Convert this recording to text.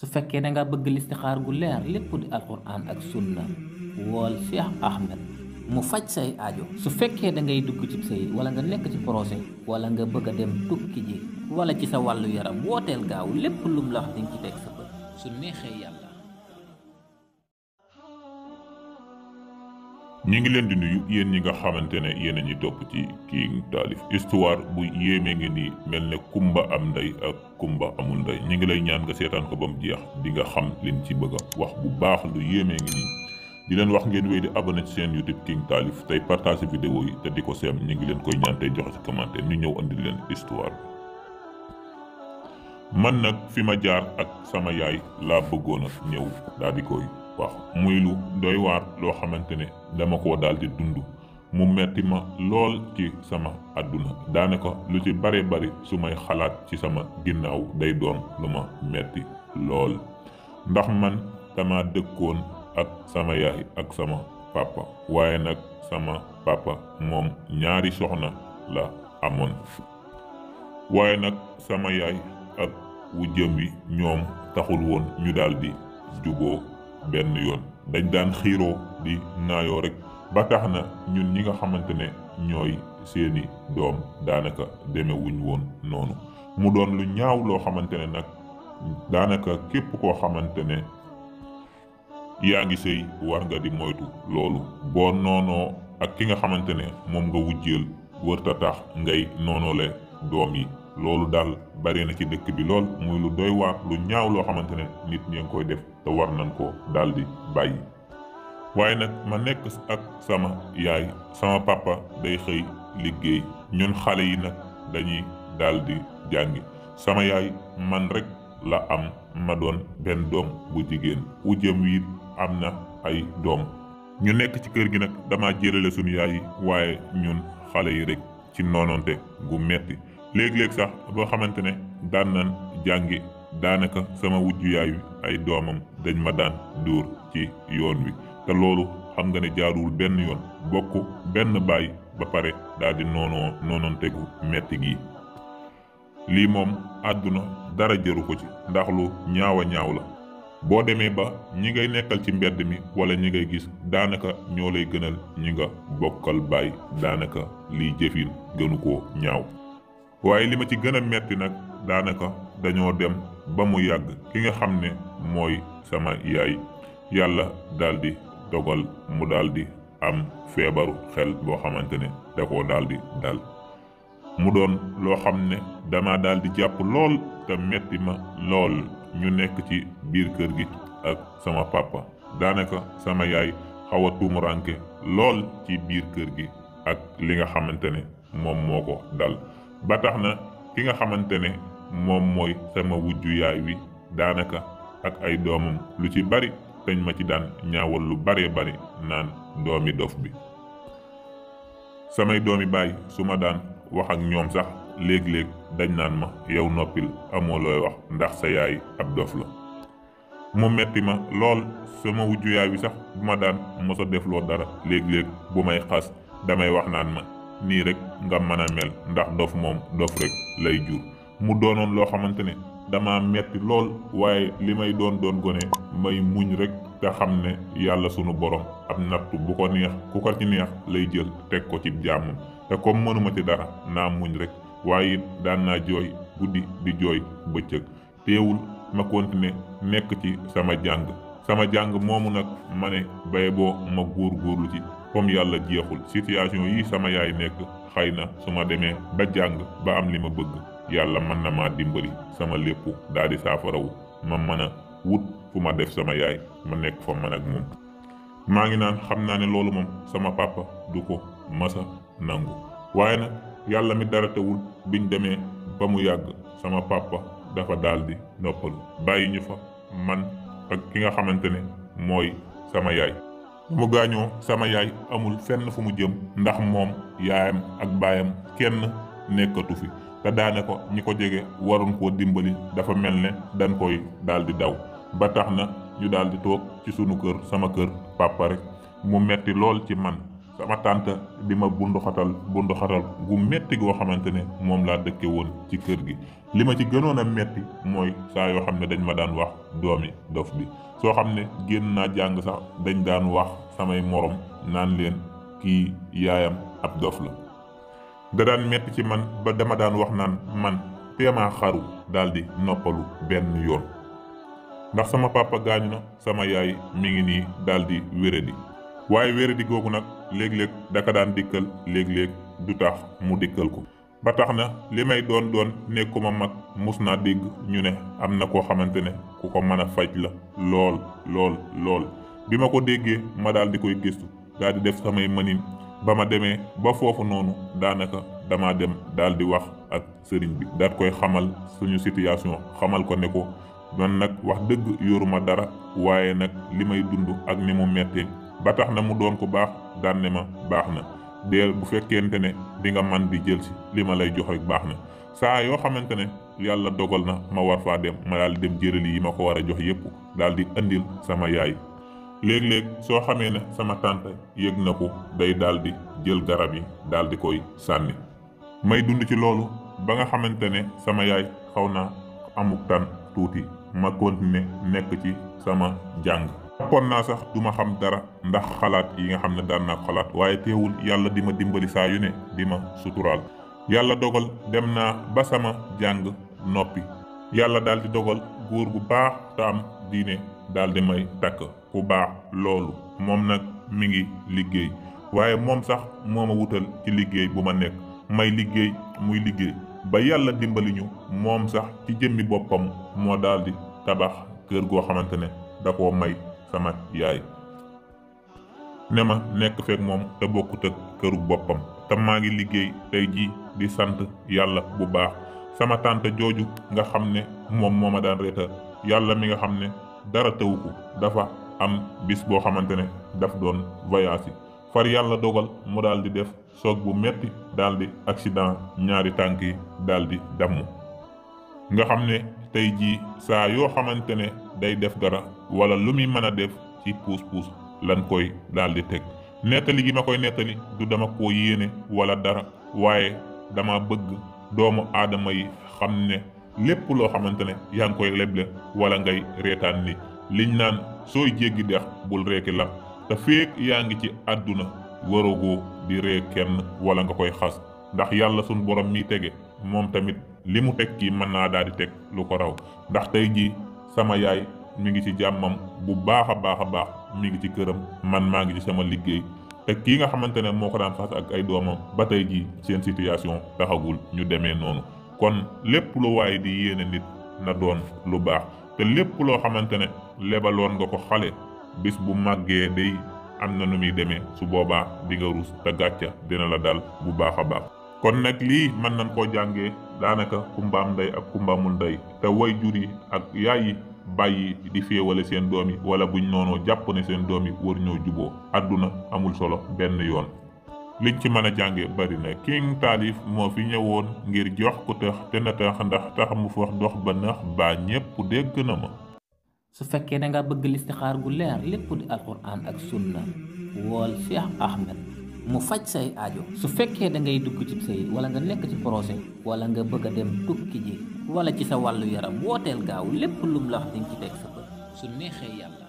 su fekkee da nga bëgg listixaar gu leer lépp di alquran ak sunna wool Cheikh Ahmed mu faj say aajo su fekkee da ngay dugg ci sëy wala nga nekk ci projet wala nga bëgg a dem tukki ji wala ci sa wàllu yaram wooteel gaaw lépp lum la wax di ci teg sa bët su neexee yàlla ñu ngi leen di nuyu yéen ñi nga xamante ne yéen a ñi topp ci King Taalif histoire bu yéemee ngi nii mel ne kumba am ndey ak kumba amul ndey ñu ngi lay ñaan nga seetaan ko ba mu jeex di nga xam liñ ci bëgg a wax bu baax lu yéeme ngi nii di leen wax ngeen wéy di abonné ci seen YouTube King Taalif tey partage vidéo yi te di ko seem ñu ngi leen koy ñaan tey joxe ci commentaire ñu ñëw andi leen histoire man nag fi ma jaar ak sama yaay laa bëggoon ñëw daal di wax muy lu doy waar loo xamante ne dama ko daal di dund mu metti ma lool ci sama àdduna daanaka lu ci bare bari su may xalaat ci sama ginnaaw day doom lu ma metti lool ndax man dama dëkkoon ak sama yaay ak sama papa waaye nag sama papa moom ñaari soxna la amoon waaye nag sama yaay ak wu jëm wi ñoom taxul woon ñu daal di benn yoon dañ daan xiiroo di naayoo rek ba tax na ñun ñi nga xamante ne ñooy seeni doom daanaka demewuñ woon noonu mu doon lu ñaaw loo xamante ne nag daanaka képp koo xamante ne yaa ngi sëy war nga di moytu loolu boo noonoo ak ki nga xamante ne moom nga wujjeel wërta tax ngay noonoole doom yi loolu daal bari na ci dëkk bi lool muy lu doy waar lu ñaaw loo xamante ne nit ñi ngi koy def te war nañ koo daal di bàyyi. waaye nag ma nekk ak sama yaay sama papa day xëy liggéey ñun xale yi nag dañuy daal di jàngi sama yaay man rek la am ma doon benn doom bu jigéen wujjam wi am na ay doom. ñu nekk ci kër gi nag dama jërale sunu yaay yi waaye ñun xale yi rekk ci noononte gu metti léegi léeg sax boo xamante ne daan nan jàngi daanaka sama wujju yaayu ay doomam dañ ma daan dóor ci yoon wi te loolu xam nga ne jaaruwul benn yoon bokk benn baay ba pare daal di noonoo noonoon tegu metti gi lii moom àdduna dara jëru ko ci ndax lu ñaawa ñaaw la boo demee ba ñi ngay nekkal ci mbedd mi wala ñi ngay gis daanaka ñoo lay gënal ñi nga bokkal baay daanaka liy jëfin gënu ko ñaaw waaye li ma ci gën a metti nag daanaka dañoo dem ba mu yàgg ki nga xam ne mooy sama yaay yàlla daldi dogal mu daldi am feebaru xel boo xamante ne da koo daldi dal mu doon loo xam ne dama daldi jàpp lool te metti ma lool ñu nekk ci biir kër gi ak sama papa daanaka sama yaay xaw a tuumuranke lool ci biir kër gi ak li nga xamante ne moom moo ko dal ba tax na ki nga xamante ne moom mooy sama wujju yaay wi daanaka ak ay doomam lu ci bari dañ ma ci daan ñaawal lu baree bari naan doomi dof bi samay doomi baay su ma daan wax ak ñoom sax léeg-léeg dañ naan ma yow noppil amoo looy wax ndax sa yaay ab dof la mu metti ma lool sama wujju yaay wi sax bu ma daan mosa defloo dara léeg-léeg bu may xas damay wax naan ma nii rek nga mën a mel ndax dof moom dof rek lay jur mu doonoon loo xamante ne dama metti lool waaye li may doon doon gone may muñ rek te xam ne yàlla sunu borom ab nattu bu ko neex ku ko ci neex lay jël teg ko ci jàmm te comme mënuma ci dara naa muñ rek waaye it daan naa jooy guddi di jooy bëccëg teewul ma continuer nekk ci sama jàng sama jàng moomu nag ma ne bay boo ma góor góorlu ci comme yàlla jeexul situation yi sama yaay nekk xëy na su ma demee ba jàng ba am li ma bëgg yàlla mën na maa dimbali sama lépp daal di saafarawu ma mën a wut fu ma def sama yaay ma nekk fa man ak moom maa ngi naan xam naa ne loolu moom sama papa du ko masa nangu waaye nag yàlla mi dara tewul biñ demee ba mu yàgg sama papa dafa daal di noppalu bàyyi ñu fa man ak ki nga xamante ne mooy sama yaay mu gaañoo sama yaay amul fenn fu mu jëm ndax moom yaayam ak baayam kenn nekkatu fi te daane ko ñi ko jege waroon koo dimbali dafa mel ne dañ koy daal di daw ba tax na ñu daal di toog ci sunu kër sama kër papa rek mu metti lool ci man sama tante bi ma bunduxatal bunduxatal gu metti goo xamante ne moom laa dëkke woon ci kër gi li ma ci gënoon a metti mooy saa yoo xam ne dañu ma daan wax doomi dof bi soo xam ne génn naa jàng sax dañ daan wax samay moroom naan leen kii yaayam ab dof la da daan metti ci man ba dama daan wax naan man teemaa xaru daldi noppalu benn yoon ndax sama papa gaañu na sama yaay mi ngi nii daldi wéradi waaye wéradi googu nag léeg-léeg daka daan dikkal léeg-léeg du tax mu dikkal ko ba tax na li may doon doon ma mag mus naa dégg ñu ne am na koo xamante ne ku ko mën a faj la lool lool lool bi ma ko déggee ma daal di koy gëstu daal di def samay mënin ba ma demee ba foofu noonu daanaka damaa dem daal di wax ak sëriñ bi daal koy xamal suñu situation xamal ko ne ko man nag wax dëgg yoruma dara waaye nag li may dund ak ni mu mettee ba tax na mu doon ko baax daan ne ma baax na deel bu fekkente ne di nga man di jël si li ma lay jox baax na saa yoo xamante ne yàlla dogal na ma war faa dem ma daal di dem jërëli yi ma ko war a jox yépp daal di andil sama yaay léeg-léeg soo xamee ne sama tante yég na ko day daal di jël garab yi daal di koy sànni may dund ci loolu ba nga xamante ne sama yaay xaw naa amuk tan tuuti ma continuer nekk ci sama jàng kon naa sax duma xam dara ndax xalaat yi nga xam ne daan xalaat waaye teewul yàlla di ma dimbali saa yu ne di ma suturaal yàlla dogal dem naa ba sama jàng noppi yàlla daal di dogal góor gu baax te diine daal di may takk ku baax loolu moom nag mi ngi liggéey waaye moom sax moo ma wutal ci liggéey bu ma nekk may liggéey muy liggéey ba yàlla dimbali ñu moom sax ci jëmmi boppam moo daldi tabax kër goo xamante ne da koo may sama yaay ne ma nekk feek moom te bokkut ak këru boppam te maa ngi liggéey tey jii di sant yàlla bu baax sama tànt jooju nga xam ne moom moo ma daan reeta yàlla mi nga xam ne dara tëwu ko dafa am bis boo xamante ne daf doon voyage yi far yàlla dogal mu daal di def soog bu metti daal di accident ñaari tànk yi daal di damm nga xam ne tey jii saa yoo xamante ne day def dara wala lu muy mën a def ci puus-puus lan koy daal di teg nettali gi ma koy nettali du dama ko yéene wala dara waaye dama bëgg doomu aadama yi xam ne lépp loo xamante ne yaa ngi koy leble wala ngay reetaan ni liñ naan sooy jéggi dex bul reeki la te féeg yaa ngi ci àdduna waragoo di ree kenn wala nga koy xas ndax yàlla sunu borom mi tege moom tamit li mu teg kii mën naa daal di teg lu ko raw ndax tey jii sama yaay mi ngi ci jàmmam bu baax a baax a baax mi ngi ci këram man maa ngi ci sama liggéey te kii nga xamante ne moo ko daan xas ak ay doomam ba tey jii seen situation taxagul ñu demee noonu kon lépp lu waay di yéene nit na doon lu baax te lépp loo xamante ne lebaloon nga ko xale bis bu màggee day am na nu muy demee su boobaa di nga ruus te gàcca dina la dal bu baax a baax kon nag lii mën nañ koo jàngee daanaka kumbaam ndey ak kumbaamul ndey te woy jur yi ak yaay yi bàyyi di féewale seen doom yi wala buñ noonoo jàpp ne seen doom yi war ñoo juboo àdduna amul solo benn yoon liñ ci mën a jànge bari na king taalif moo fi ñëwoon ngir jox ku tax te na tax ndax tax mu fa dox ba nax baa ñépp dégg na ma su fekkee danga bëgg listixaar gu leer lépp di alxuraan ak sunna wool Cheikh Ahmed mu faj say aajo su fekkee da ngay dugg ci sëy wala nga nekk ci projet wala nga bëgg a dem tukki ji wala ci sa wàllu yaram wooteel gaaw lépp lum la ci teg sa bët su neexee yàlla